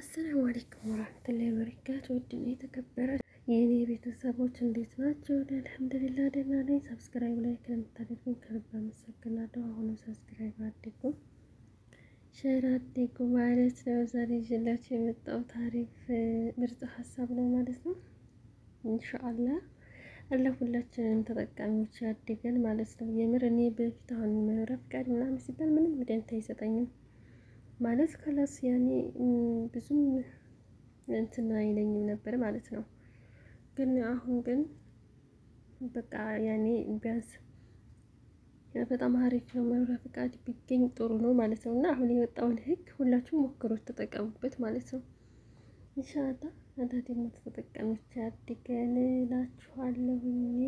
አሰላሙ አለይኩም ወራህመቱላሂ ወበረካቱ። ውድና የተከበራችሁ የእኔ ቤተሰቦች እንዴት ናቸው? አልሐምዱሊላ ደህና ነኝ። ሰብስክራይብ ላይ ከምታደርጉኝ ከልብ አመሰግናለሁ። አሁንም ሰብስክራይብ አድርጉ፣ ሼር አድርጉ ማለት ነው። ዛሬ ይዤላችሁ የመጣው ታሪክ ምርጥ ሀሳብ ነው ማለት ነው። እንሻአላ አላህ ሁላችንም ተጠቃሚዎች ያድርገን ማለት ነው። የምር እኔ በፊት አሁን ምዕራፍ ቃል ምናምን ሲባል ምንም ደንታ አይሰጠኝም ማለት ከላስ ያኔ ብዙም እንትን አይለኝም ነበር ማለት ነው። ግን አሁን ግን በቃ ያኔ ቢያንስ በጣም አሪፍ ነው። መኖሪያ ፈቃድ ቢገኝ ጥሩ ነው ማለት ነው። እና አሁን የወጣውን ህግ ሁላችሁም ሞክሮች ተጠቀሙበት ማለት ነው። እንሻላ አዳት የሞት ተጠቀሚዎች ያድገን እላችኋለሁኝ።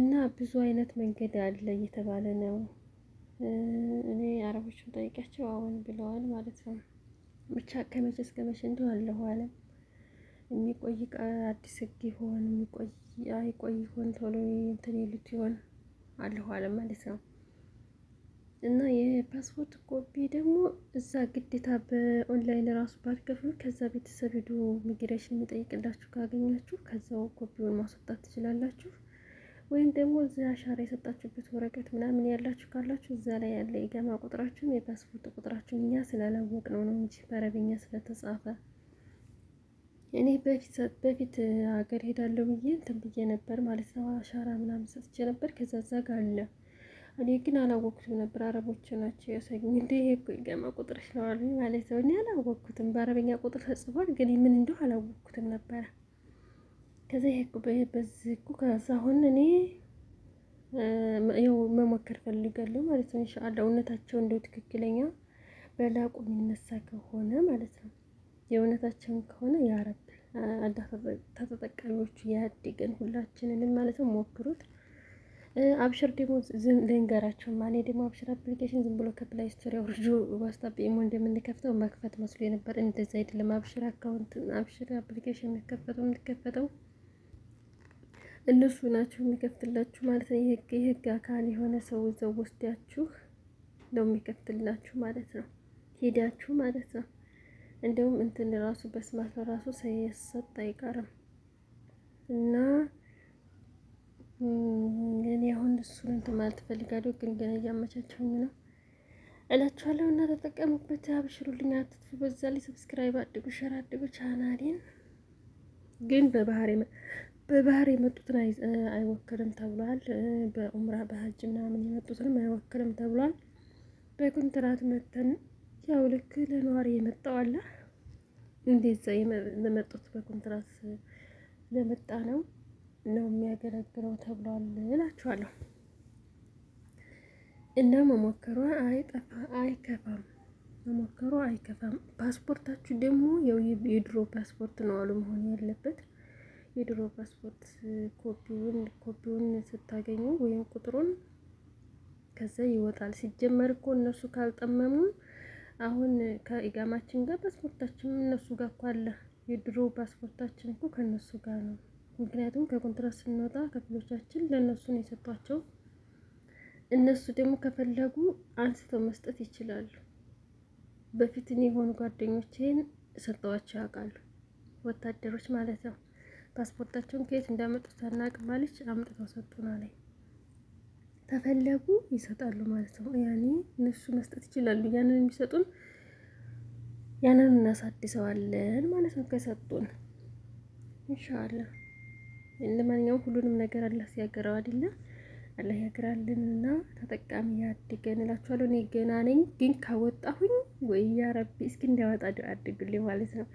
እና ብዙ አይነት መንገድ አለ እየተባለ ነው እኔ አረቦችን ጠይቂያቸው አሁን ብለዋል ማለት ነው። ብቻ ከመቼ እስከ መቼ አለሁ አለ። የሚቆይ አዲስ ህግ ይሆን የሚቆይ አይቆይ ይሆን ቶሎ እንትን ይሉት ይሆን አለሁ አለ ማለት ነው። እና የፓስፖርት ኮፒ ደግሞ እዛ ግዴታ በኦንላይን ራሱ ባትከፍሉ ከዛ ቤተሰብ ሄዱ ሚግሬሽን የሚጠይቅላችሁ ካገኛችሁ ከዛው ኮፒውን ማስወጣት ትችላላችሁ። ወይም ደግሞ እዚህ አሻራ የሰጣችሁበት ወረቀት ምናምን ያላችሁ ካላችሁ እዛ ላይ ያለ የገማ ቁጥራችሁን የፓስፖርት ቁጥራችሁን እኛ ስላላወቅ ነው ነው እንጂ በአረብኛ ስለተጻፈ። እኔ በፊት በፊት ሀገር ሄዳለሁ ብዬ እንትን ብዬ ነበር ማለት ነው አሻራ ምናምን ሰጥቼ ነበር። ከዛዛ እዛ ጋር አለ እኔ ግን አላወቅኩትም ነበር። አረቦች ናቸው ያሳዩኝ። እንደ ይሄ እኮ የገማ ቁጥር ነው ማለት ነው። እኔ አላወቅኩትም። በአረበኛ ቁጥር ተጽፏል፣ ግን ምን እንደው አላወቅኩትም ነበረ። ከዛ በዚህ እኮ ከዛ አሁን እኔ ያው መሞከር ፈልጋለሁ ማለት ነው። ኢንሻአላ እውነታቸው እንደው ትክክለኛ በላቁ የሚነሳ ከሆነ ማለት ነው የእውነታቸውን ከሆነ ያረብ አላህ ተጠቃሚዎቹ ያድገን ሁላችንንም ማለት ነው። ሞክሩት። አብሽር ደግሞ ልንገራቸው ማኔ ደግሞ አብሽር አፕሊኬሽን ዝም ብሎ ከፕላይ ስቶሪ አውርዶ ዋትስአፕ ኢሞ እንደምንከፍተው መክፈት መስሎ ነበር። እንደዛ አይደለም። አብሽር አካውንት አብሽር አፕሊኬሽን የሚከፈተው የምትከፈተው እነሱ ናቸው የሚከፍትላችሁ ማለት ነው። የህግ አካል የሆነ ሰው እዛው ወስዳችሁ ነው የሚከፍትላችሁ ማለት ነው። ሄዳችሁ ማለት ነው። እንደውም እንትን ራሱ በስማት ራሱ ሳይሰጥ አይቀርም እና እኔ አሁን እሱን እንትን ማለት እፈልጋለሁ፣ ግን ገና እያመቻቸኝ ነው እላችኋለሁ። እና ተጠቀሙበት፣ አብሽሩልኝ፣ አትጥፉ። በዛ ላይ ሰብስክራይብ አድርጉ፣ ሸር አድርጉ ቻናሌን ግን በባህሪ በባህር የመጡትን አይወክልም ተብሏል። በኡምራ በሀጅ ምናምን የመጡትንም አይወክልም ተብሏል። በኮንትራት መተን ያው ልክ ለነዋሪ የመጣው አለ እንዴት ለመጡት በኮንትራት ለመጣ ነው ነው የሚያገለግለው ተብሏል እላችኋለሁ። እና መሞከሯ አይጠፋ አይከፋም፣ መሞከሯ አይከፋም። ፓስፖርታችሁ ደግሞ የድሮ ፓስፖርት ነው አሉ መሆን ያለበት የድሮ ፓስፖርት ኮፒውን ኮፒውን ስታገኙ ወይም ቁጥሩን ከዛ ይወጣል። ሲጀመር እኮ እነሱ ካልጠመሙ አሁን ከኢጋማችን ጋር ፓስፖርታችን እነሱ ጋር እኮ አለ። የድሮ ፓስፖርታችን እኮ ከእነሱ ጋር ነው። ምክንያቱም ከኮንትራት ስንወጣ ከፍሎቻችን ለእነሱ ነው የሰጧቸው። እነሱ ደግሞ ከፈለጉ አንስተው መስጠት ይችላሉ። በፊት እኔ የሆኑ ጓደኞቼን ሰጠዋቸው ያውቃሉ፣ ወታደሮች ማለት ነው። ፓስፖርታቸውን ከየት እንዳመጡት አናቅም አለች። አምጥተው ሰጡን አለኝ። ተፈለጉ ይሰጣሉ ማለት ነው። ያኔ እነሱ መስጠት ይችላሉ። ያንን የሚሰጡን ያንን እናሳድሰዋለን ማለት ነው። ከሰጡን እንሻአላ። ለማንኛውም ሁሉንም ነገር አላህ ሲያገራው አይደለም አላህ ያግራልንና ተጠቃሚ ያድገን እላችኋለሁ። እኔ ገና ነኝ፣ ግን ካወጣሁኝ ወይ ያረቢ፣ እስኪ እንዲያወጣ አድርጉልኝ ማለት ነው።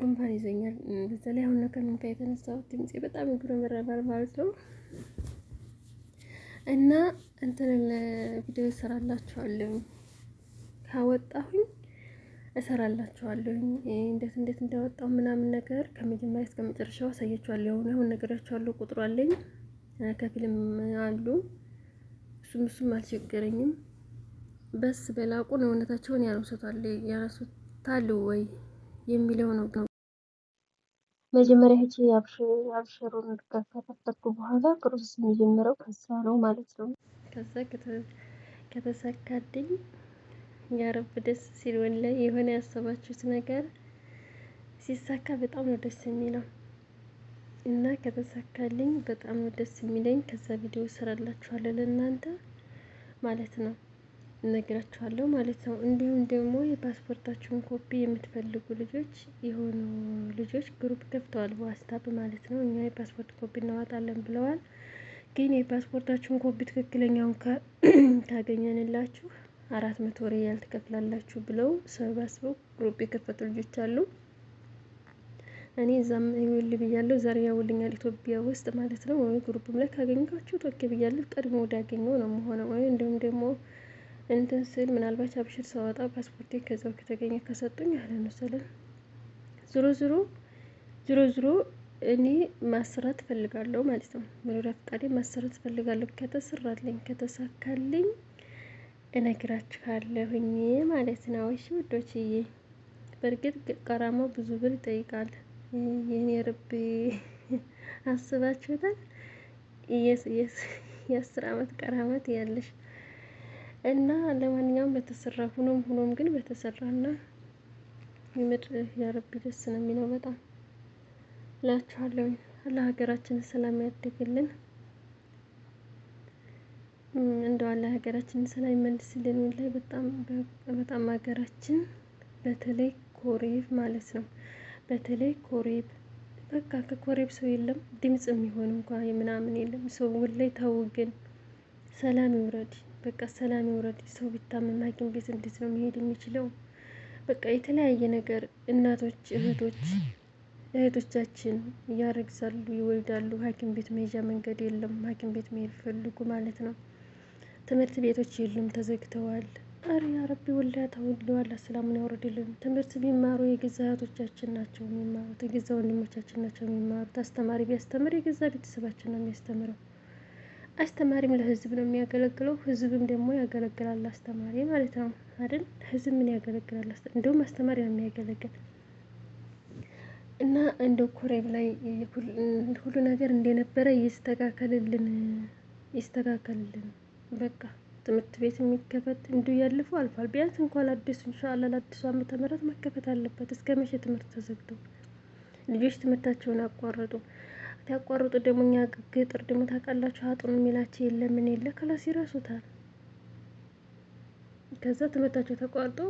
ጉንፋን ይዘኛል። በተለይ አሁን ከመኝታ የተነሳሁት ድምፄ በጣም ይጉረመረማል ማለት ነው። እና እንትን ቪዲዮ እሰራላችኋለሁ ካወጣሁኝ እሰራላችኋለሁኝ እንዴት እንዴት እንዳወጣው ምናምን ነገር ከመጀመሪያ እስከ መጨረሻው አሳያችኋለሁ። የሆነ አሁን ነገራችኋለሁ። ቁጥሩ አለኝ ከፊልም አሉ እሱም እሱም አልቸገረኝም። በስ በላቁን እውነታቸውን ያነሱታል ያነሱታል ወይ የሚለው ነው። መጀመሪያ ሄጄ አብሽሩን ከፈጠርኩ በኋላ ፕሮሰስ የሚጀምረው ከዛ ነው ማለት ነው። ከዛ ከተሳካልኝ ያረብ ደስ ሲል ወላሂ የሆነ ያሰባችሁት ነገር ሲሳካ በጣም ነው ደስ የሚለው እና ከተሳካልኝ በጣም ነው ደስ የሚለኝ። ከዛ ቪዲዮ እሰራላችኋለሁ ለእናንተ ማለት ነው። እነግራችኋለሁ ማለት ነው። እንዲሁም ደግሞ የፓስፖርታችሁን ኮፒ የምትፈልጉ ልጆች የሆኑ ልጆች ግሩፕ ከፍተዋል በዋትስአፕ ማለት ነው። እኛ የፓስፖርት ኮፒ እናወጣለን ብለዋል። ግን የፓስፖርታችሁን ኮፒ ትክክለኛውን ካገኘንላችሁ አራት መቶ ሪያል ትከፍላላችሁ ብለው ሰባስበው ግሩፕ የከፈቱ ልጆች አሉ። እኔ እዛም ይውል ብያለሁ። ዛሬ ያውልኛል ኢትዮጵያ ውስጥ ማለት ነው። ወይ ግሩፕም ላይ ካገኘኋችሁ ቶኬ ብያለሁ። ቀድሞ ወዳገኘው ነው መሆነው ወይ እንዲሁም ደግሞ እንትን ስል ምናልባት አብሽር ሰወጣ ፓስፖርቴ ከዛው ከተገኘ ከሰጡኝ አለን መሰለኝ። ዝሮ ዞሮ ዞሮ ዞሮ እኔ ማሰራት ፈልጋለሁ ማለት ነው። መኖሪያ ፈቃዴ ማሰራት ፈልጋለሁ ከተሰራልኝ ከተሳካልኝ እነግራችኋለሁኝ ማለት ነው። እሺ ውዶችዬ፣ በእርግጥ ቀራማው ብዙ ብር ይጠይቃል። የኔ ርቤ አስባችሁታል? የስ የስ የአስር አመት ቀራማት ያለሽ እና ለማንኛውም በተሰራ ሁኖም ሁኖም ግን በተሰራ እና የምር ያረቢ ደስ ነው የሚለው በጣም እላችኋለሁ። ለሀገራችን ሰላም ያደግልን እንደዋለ ሀገራችን ሰላም ይመልስልን። ላይ በጣም በጣም ሀገራችን በተለይ ኮሬብ ማለት ነው በተለይ ኮሬብ በቃ ከኮሬብ ሰው የለም ድምጽ የሚሆን እንኳ ምናምን የለም ሰው ላይ ታውግን ሰላም ይውረድ። በቃ ሰላም ይውረድ። ሰው ቢታመም ሐኪም ቤት እንዴት ነው መሄድ የሚችለው? በቃ የተለያየ ነገር እናቶች፣ እህቶች እህቶቻችን ያረግዛሉ፣ ይወልዳሉ። ሐኪም ቤት መሄጃ መንገድ የለም። ሐኪም ቤት መሄድ ፈልጉ ማለት ነው። ትምህርት ቤቶች የሉም፣ ተዘግተዋል። አሪ አረቢ ወላሂ ተውለዋል። ሰላሙን ያውረድልን። ትምህርት ቢማሩ የገዛ እህቶቻችን ናቸው የሚማሩት፣ የገዛ ወንድሞቻችን ናቸው የሚማሩት። አስተማሪ ቢያስተምር የገዛ ቤተሰባችን ነው የሚያስተምረው። አስተማሪም ለህዝብ ነው የሚያገለግለው፣ ህዝብም ደግሞ ያገለግላል አስተማሪ ማለት ነው አይደል? ህዝብ ምን ያገለግላል? እንደውም አስተማሪ ነው የሚያገለግል እና እንደ ኮሬም ላይ ሁሉ ነገር እንደነበረ ይስተካከልልን፣ ይስተካከልልን። በቃ ትምህርት ቤት የሚከፈት እንዲሁ ያልፉ አልፏል። ቢያንስ እንኳ አዲሱ እንሻላ ለአዲሱ አመተ ምህረት መከፈት አለበት። እስከ መቼ ትምህርት ተዘግቶ ልጆች ትምህርታቸውን አቋረጡ? ሲያቋርጡ ደግሞ እኛ ግጥር ደግሞ ታውቃላችሁ፣ አጥኑ የሚላቸው የለምን የለ ክላስ ይረሱታል። ከዛ ትምህርታቸው ተቋርጦ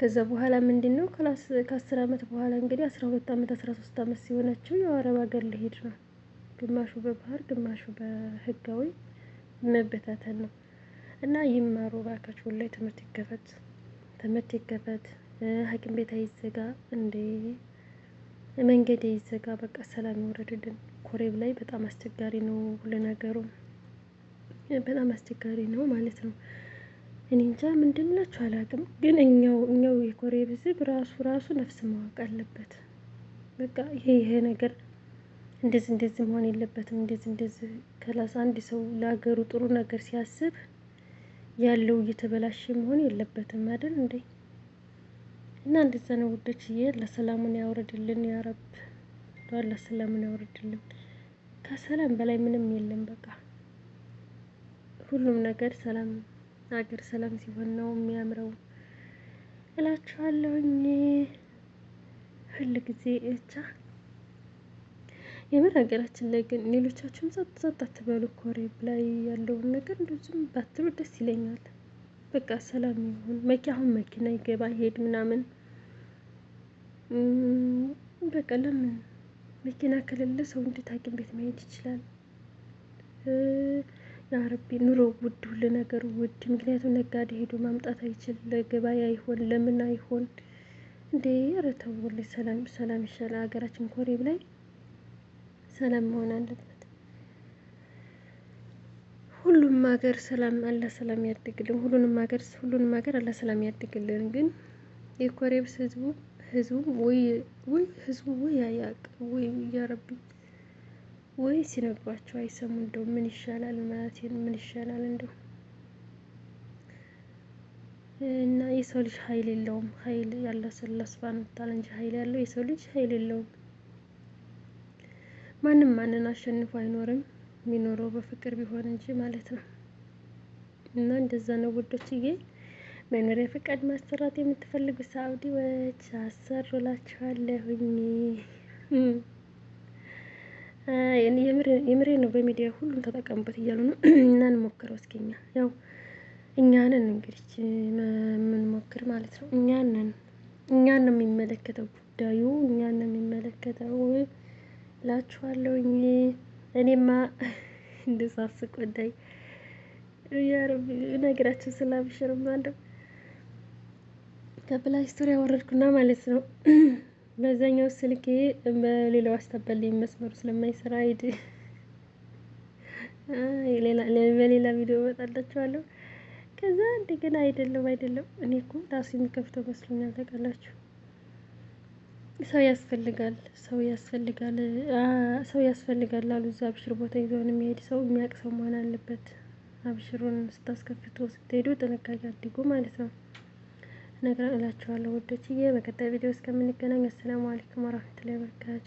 ከዛ በኋላ ምንድን ነው ክላስ ከአስር አመት በኋላ እንግዲህ አስራ ሁለት አመት አስራ ሶስት አመት ሲሆናቸው ያው አረብ ሀገር ልሄድ ነው። ግማሹ በባህር ግማሹ በህጋዊ መበታተን ነው እና ይማሩ እባካችሁ። ሁሌ ትምህርት ይከፈት፣ ትምህርት ይከፈት። ሐኪም ቤት አይዘጋ እንዴ መንገድ ይዘጋ። በቃ ሰላም ይውረድልን። ኮሬብ ላይ በጣም አስቸጋሪ ነው ሁሉ ነገሩ በጣም አስቸጋሪ ነው ማለት ነው። እኔ እንጃ ምንድን አላውቅም፣ ግን እኛው እኛው የኮሬብ ህዝብ ራሱ ራሱ ነፍስ ማወቅ አለበት። በቃ ይሄ ይሄ ነገር እንደዚህ እንደዚህ መሆን የለበትም። እንደዚህ እንደዚህ ከላስ አንድ ሰው ለሀገሩ ጥሩ ነገር ሲያስብ ያለው እየተበላሸ መሆን የለበትም አይደል እንዴ? እና እንደዛ ነው ውዶችዬ። ለሰላሙን ያውረድልን ያረብ። ለሰላሙን ያውረድልን። ከሰላም በላይ ምንም የለም። በቃ ሁሉም ነገር ሰላም ሀገር ሰላም ሲሆን ነው የሚያምረው እላችኋለሁኝ። ሁል ጊዜ እቻ የምር ሀገራችን ላይ ግን ሌሎቻችሁም ጸጥ ጸጥ አትበሉ። ኮሬብ ላይ ያለውን ነገር እንደዚሁም ባትሉ ደስ ይለኛል። በቃ ሰላም ይሁን። መኪ አሁን መኪና ይገባ ይሄድ ምናምን በቃ ለምን መኪና ከሌለ ሰው እንዴት ሐኪም ቤት መሄድ ይችላል? ያረቢ ኑሮ ውድ፣ ሁሉ ነገር ውድ። ምክንያቱም ነጋዴ ሄዶ ማምጣት አይችል፣ ለገበያ አይሆን፣ ለምን አይሆን እንዴ? ኧረ ተው ወላሂ፣ ሰላም ሰላም ይሻላል። ሀገራችን ኮሪብ ላይ ሰላም መሆን አለበት። ሁሉም ሀገር ሰላም አለ፣ ሰላም ያድግልን። ሁሉንም ሀገር ሁሉንም ሀገር አለ፣ ሰላም ያድግልን። ግን የኮሬብስ ህዝቡ ህዝቡ ወይ ወይ ህዝቡ ወይ አያውቅም ወይ እያረቢ ወይ ሲነግሯቸው አይሰሙ። እንደው ምን ይሻላል ማለት ምን ይሻላል እንደው እና የሰው ልጅ ኃይል የለውም። ኃይል ያለ ሰላ ስባን እንጂ ኃይል ያለው የሰው ልጅ ኃይል የለውም። ማንም ማንን አሸንፎ አይኖርም። የሚኖረው በፍቅር ቢሆን እንጂ ማለት ነው። እና እንደዛ ነው ውዶችዬ። መኖሪያ ፈቃድ ማሰራት የምትፈልጉ ሳውዲዎች አሰሩላችኋለሁኝ። የምሬ ነው። በሚዲያ ሁሉም ተጠቀሙበት እያሉ ነው። እና እንሞክረው እስኪ እኛ ያው እኛንን እንግዲህ የምንሞክር ማለት ነው። እኛንን እኛን ነው የሚመለከተው ጉዳዩ፣ እኛን ነው የሚመለከተው ላችኋለሁኝ። እኔማ እንደሳስቆዳይ ያረብ ነገራችን ስላብሽርማ እንደው ከፕላይ ስቶር ያወረድኩና ማለት ነው። በዛኛው ስልኬ በሌላው አስተበልኝ መስመሩ ስለማይሰራ ሂድ በሌላ ቪዲዮ እመጣላችኋለሁ። ከዛ እንደገና አይደለም አይደለም፣ እኔ እኮ ራሱ የሚከፍተው መስሎኛል። ታውቃላችሁ፣ ሰው ያስፈልጋል፣ ሰው ያስፈልጋል፣ ሰው ያስፈልጋል ሰው ያስፈልጋል ሰው ያስፈልጋል ላሉ እዛ አብሽር ቦታ ይዘውን የሚሄድ ሰው የሚያውቅ ሰው መሆን አለበት። አብሽሩን ስታስከፍቶ ስትሄዱ ጥንቃቄ አድርጉ ማለት ነው። ነግረን እላችኋለሁ ውዶችዬ። በቀጣይ ቪዲዮ እስከምንገናኝ አሰላሙ አለይኩም ወራህመቱላሂ ወበረካቱ።